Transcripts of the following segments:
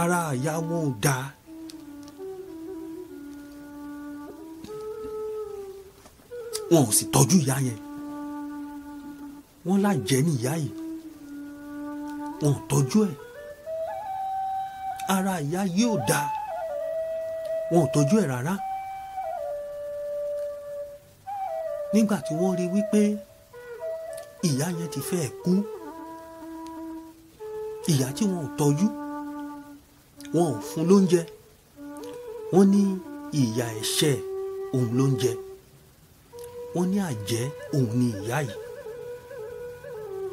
ara àyà wọn ò dáa. wọn ò sì tọ́jú ìyá yẹn wọ́n lájẹ́ ní ìyá yìí wọn ò tọ́jú ẹ̀ ara ìyá yìí ò dáa wọn ò tọ́jú ẹ̀ rárá nígbà tí wọ́n rí wípé ìyá yẹn ti fẹ́ẹ̀ kú ìyá tí wọn ò tọ́jú wọn ò fún lóúnjẹ wọ́n ní ìyà ẹ̀ṣẹ̀ òun lóúnjẹ wọ́n ní àjẹ́ òun ni ìyá yìí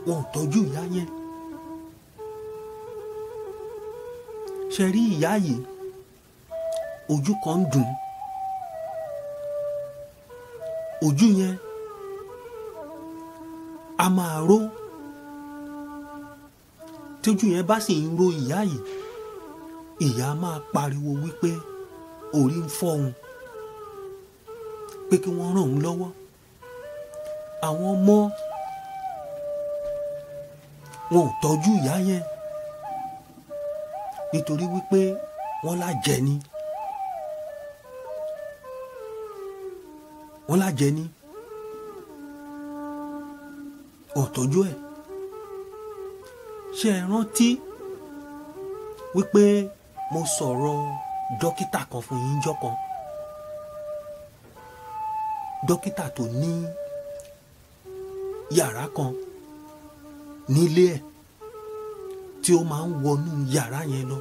wọn ò tọ́jú ìyá yẹn ṣe rí ìyá yìí ojú kan ń dùn ojú yẹn a máa ró tójú yẹn bá sì ń ro ìyá yìí ìyá máa pariwo wípé orí ń fọ́ òun pé kí wọ́n ràn òun lọ́wọ́ àwọn ọmọ wọn ò tọ́jú ìyá yẹn nítorí wípé wọ́n lájẹ ni wọ́n lájẹ ni ò tọ́jú ẹ̀ ṣe é rántí wípé mo sọ̀rọ̀ dókítà kan fún yín jọ́ kan dókítà tó ní yàrá kan nílé ẹ̀ tí ó máa ń wọnú yàrá yẹn lọ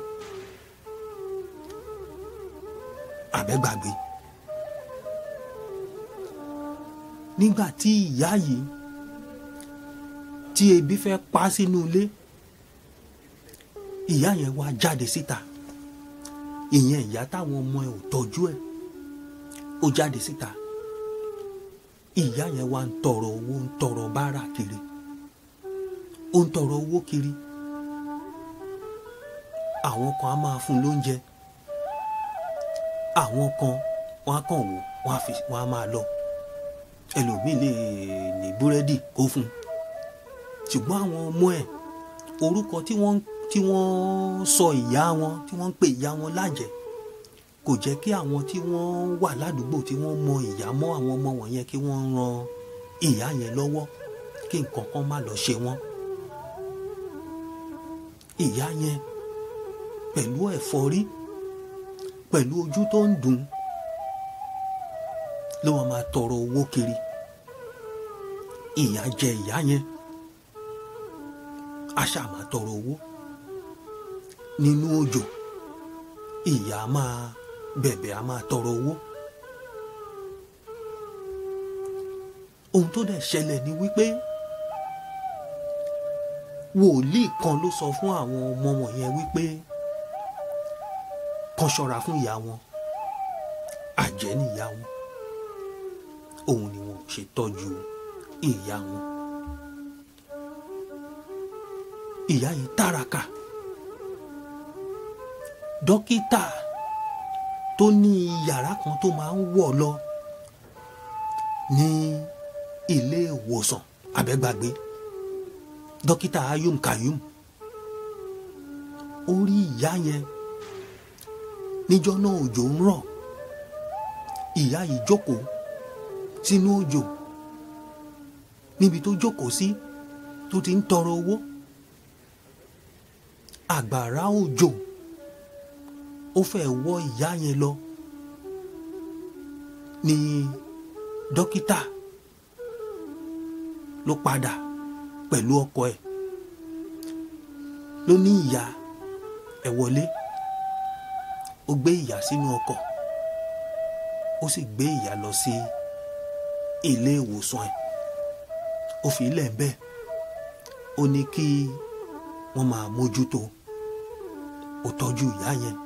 àbẹ́gbàgbé nígbà tí ìyá yìí tí ebi fẹ́ pa sínú ilé ìyá yẹn wá jáde síta ìyẹn ìyá táwọn ọmọ ẹ ò tọ́jú ẹ ó jáde síta ìyá yẹn wá ń tọrọ owó ń tọrọ báárà kiri ó ń tọrọ owó kiri àwọn kan á máa fún lóúnjẹ àwọn kan wọn á kàn wò wọn á fi wọn á máa lọ ẹlòmíì lè ní búrẹ́dì kó fún un ṣùgbọ́n àwọn ọmọ ẹ̀ orúkọ tí wọ́n ń tí wọ́n sọ ìyá wọn tí wọ́n ń pè ìyá wọn lájẹ́ kò jẹ́ kí àwọn tí wọ́n wà ládùúgbò tí wọ́n mọ ìyá mọ́ àwọn ọmọ wọn yẹn kí wọ́n ran ìyá yẹn lọ́wọ́ kí nǹkan kan má lọ ṣe wọ́n ìyá yẹn pẹ̀lú ẹ̀fọ́rí pẹ̀lú ojú tó ń dùn ló wọn máa tọrọ owó kiri ìyà jẹ ìyá yẹn a ṣáà máa tọrọ owó nínú òjò ìyá a máa bẹ̀bẹ̀ a máa tọrọ owó. ohun tó dẹ̀ ṣẹlẹ̀ ni wípé wòlíì kan ló sọ fún àwọn ọmọ wọ̀nyẹn wípé kan ṣọ́ra fún ìyá wọn àjẹ́ ni wọn òun ni wọn ṣe tọ́jú ìyá wọn ìyá yìí táraka dókítà tó ní yàrá kan tó máa ń wọ̀ lọ ní ilé ìwòsàn abẹ́gbàgbé dókítà ayum kayum ó rí ìyá yẹn níjọ́ náà òjò ń rọ̀ ìyá yìí jókòó sínú òjò níbi tó jókòó sí tó ti ń tọrọ owó àgbàrá òjò ó fẹ́ wọ ìyá yẹn lọ ni dókítà ló padà pẹ̀lú ọkọ ẹ̀ ló ní ìyá ẹ̀ wọlé ó gbé ìyá sínú ọkọ̀ ó sì gbé ìyá lọ sí ilé ìwòsàn ẹ̀ ó fi ilẹ̀ bẹ́ẹ̀ ó ní kí wọ́n máa mójútó ó tọ́jú ìyá yẹn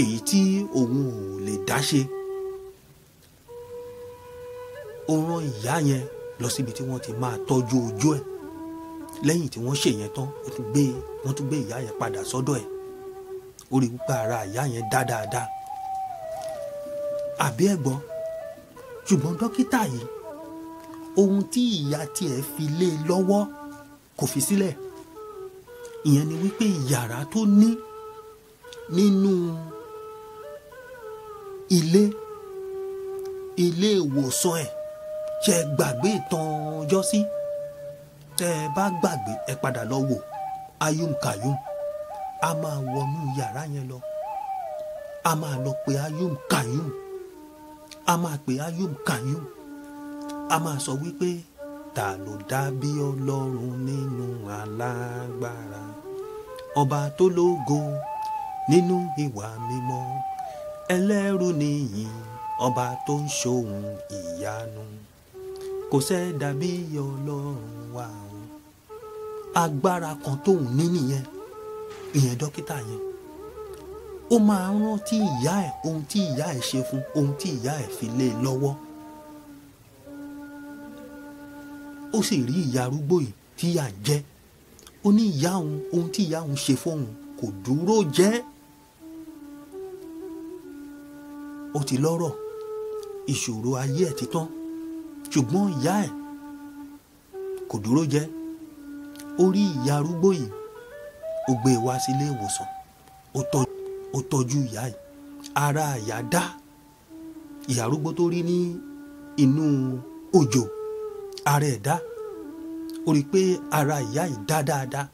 èyí tí òun ò lè dá ṣe ó rán ìyá yẹn lọ síbi tí wọ́n ti máa tọ́jú ojú ẹ̀ lẹ́yìn tí wọ́n ṣe yẹn tán wọ́n tún gbé wọ́n tún gbé ìyá yẹn padà sọ́dọ̀ ẹ̀ ó rí wípé ara ìyá yẹn dá dáadáa àbí ẹ̀gbọ́n ṣùgbọ́n dókítà yìí ohun tí ìyá tiẹ̀ fi lé e lọ́wọ́ kò fi sílẹ̀ ìyẹn ni wípé ìyàrá tó ní nínú ilé ilé ìwòsàn ẹ̀ ṣe gbàgbé ìtàn ọjọ́ sí tẹ́ ẹ bá gbàgbé ẹ padà lọ wò ayum kayum a máa wọnú yàrá yẹn lọ a máa lọ pé ayum kayum a máa pè ayum kayum a máa sọ wípé ta ló dàbí ọlọ́run nínú alágbára ọba tó lógo nínú ìwà mímọ́ ẹlẹ́rù níyìn ọba tó ń ṣohun ìyanu kò sẹ́dá bí ọlọ́run wa o agbára kan tóun ní nìyẹn ìyẹn dókítà yẹn ó máa ń rántí ìyá ẹ̀ ohun tí ìyá ẹ̀ ṣe fún ohun tí ìyá ẹ̀ fi lé e lọ́wọ́ ó sì rí ìyá arúgbó yìí tí ìyà jẹ ó ní ìyá òun ohun tí ìyá òun ṣe fóun kò dúró jẹ́ ó ti lọ́rọ̀ ìṣòro ayé ẹ̀ ti tán ṣùgbọ́n ìyá ẹ̀ kò dúró jẹ́ ó rí ìyá arúgbó yìí ó gbé e wá sílé ìwòsàn ó tọ́jú ìyá yìí ara ìyá dá ìyá arúgbó tó rí ní inú òjò ara ẹ̀ dá ó rí i pé ara ìyá yìí dá dáadáa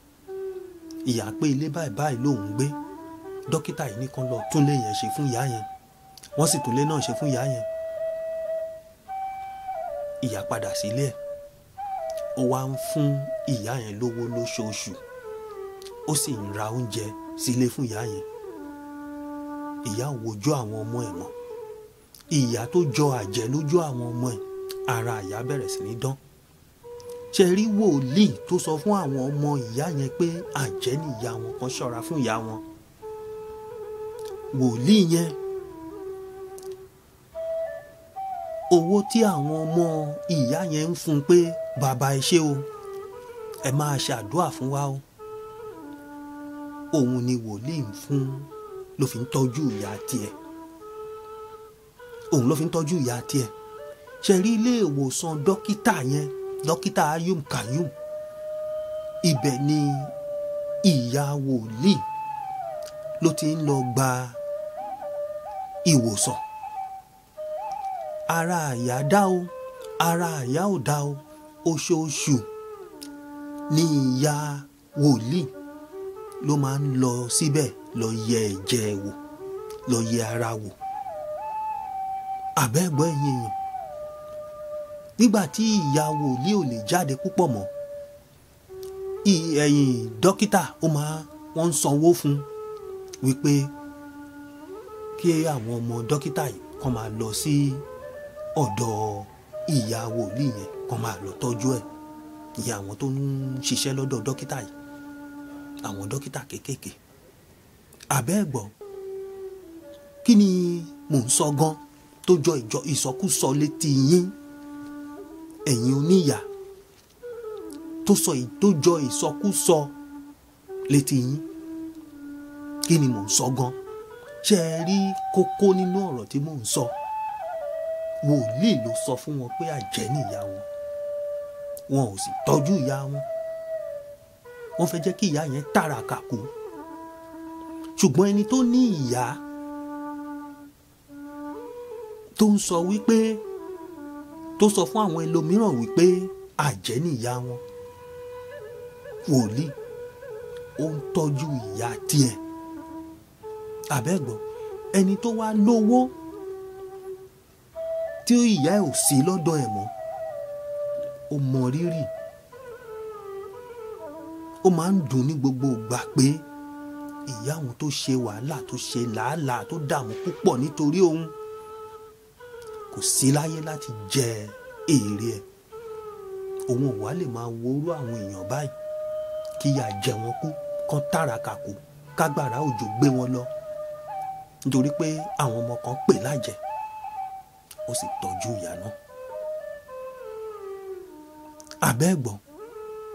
ìyá pé ilé báyìí báyìí lòún gbé dókítà yìí nìkan lọ tún lè yẹn ṣe fún ìyá yẹn wọ́n sì túnlé náà ṣe fún ìyá yẹn ìyá padà sílé ẹ̀ ó wá ń fún ìyá yẹn lówó lóṣooṣù ó sì ń ra oúnjẹ sílé fún ìyá yẹn ìyá ò wojú àwọn ọmọ ẹ̀ mọ́ ìyá tó jọ àjẹ́ lójú àwọn ọmọ ẹ̀ ara ìyá bẹ̀rẹ̀ sí ní dán ṣe rí wòlíì tó sọ fún àwọn ọmọ ìyá yẹn pé àjẹ́ ni ìyá wọn kan ṣọ́ra fún ìyá wọn wòlíì yẹn owó tí àwọn ọmọ ìyá yẹn ń fún un pé bàbá ẹ ṣé o ẹ máa ṣàdúà fún wa o òun ni wòlíì ń fún ló fi ń tọ́jú ìyá tiẹ̀ òun ló fi ń tọ́jú ìyá tiẹ̀ ṣe rí ilé ìwòsàn dókítà yẹn dókítà ayum kayum ibẹ̀ ni ìyá wòlíì ló ti ń lọ gba ìwòsàn ara àyà dá o ara àyà ò dá o oṣooṣù ni ìyá wòlíì ló máa ń lọ síbẹ̀ lọ yẹ ẹ̀jẹ̀ wò lọ yẹ ara wò àbẹ́gbọ́ ẹ̀yìn èèyàn nígbà tí ìyá wòlíì ò lè jáde púpọ̀ mọ́ ẹ̀yìn dókítà ó máa wọ́n ń sanwó fún wípé kí àwọn ọmọ dókítà yìí kàn máa lọ sí. Si ọ̀dọ̀ ìyá wòlíì yẹn kó máa lọ tọ́jú ẹ̀ ìyá àwọn tó ń ṣiṣẹ́ lọ́dọ̀ dókítà yìí àwọn dókítà kéékèèké àbẹ́ gbọ́ kí ni mò ń sọ gan tó jọ ìjọ ìsọkúsọ létí yín ẹ̀yin oníyà tó sọ tó jọ ìsọkúsọ létí yín kí ni mò ń sọ gan ṣe é rí kókó nínú ọ̀rọ̀ tí mò ń sọ. So wòlíì ló sọ fún wọn pé àjẹ́ ni ìyá wọn wọn ò sì tọ́jú ìyá wọn wọ́n fẹ́ jẹ́ kí ìyá yẹn tàràkà kú ṣùgbọ́n ẹni tó ní ìyá tó ń sọ wípé tó sọ fún àwọn ẹlòmíràn wípé àjẹ́ ni ìyá wọn wòlíì ó ń tọ́jú ìyá tiẹ̀ àbẹ́gbọ́n ẹni tó wá lówó tí ìyá ẹ̀ ò sí lọ́dọ̀ ẹ̀ mọ́ ó mọ rírì ó máa ń dùn ní gbogbo ìgbà pé ìyá òun tó ṣe wàhálà tó ṣe làálàá tó dààmú púpọ̀ nítorí òun kò sí láyé láti jẹ èrè ẹ̀ òun ò wá lè máa worú àwọn èèyàn báyìí kí ìyà jẹ wọn kú kán tàràkà kù kágbára òjò gbé wọn lọ nítorí pé àwọn ọmọ kan pè lájẹ ó sì tọ́jú ìyá náà. àbẹ́ẹ̀gbọ́n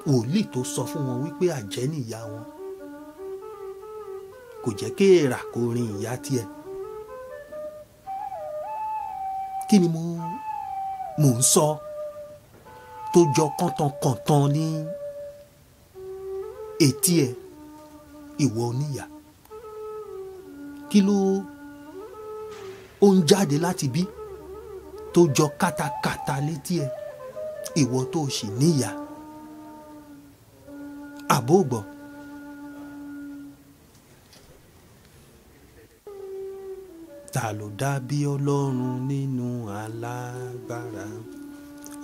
wòlíì tó sọ fún wọn wípé àjẹ́ ni ìyá wọn kò jẹ́ kéèrà kó rin ìyá tiẹ̀ kí ni mo mò ń sọ tó jọ kàntankàntan ní etí ẹ ìwọ oníyà kí ló ó ń jáde láti bí tó jọ kátakátá létí ẹ ìwọ tó o sì níyà àbó gbọ́. ta ló dàbí ọlọ́run nínú alágbára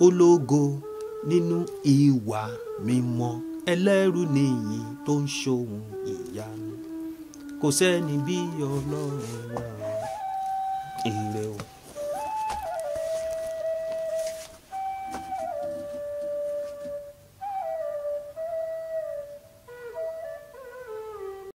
ológo nínú ìwà mímọ́ ẹlẹ́rù nìyí tó ń ṣohun ìyanu kò sẹ́ni bí ọlọ́run wà ire o.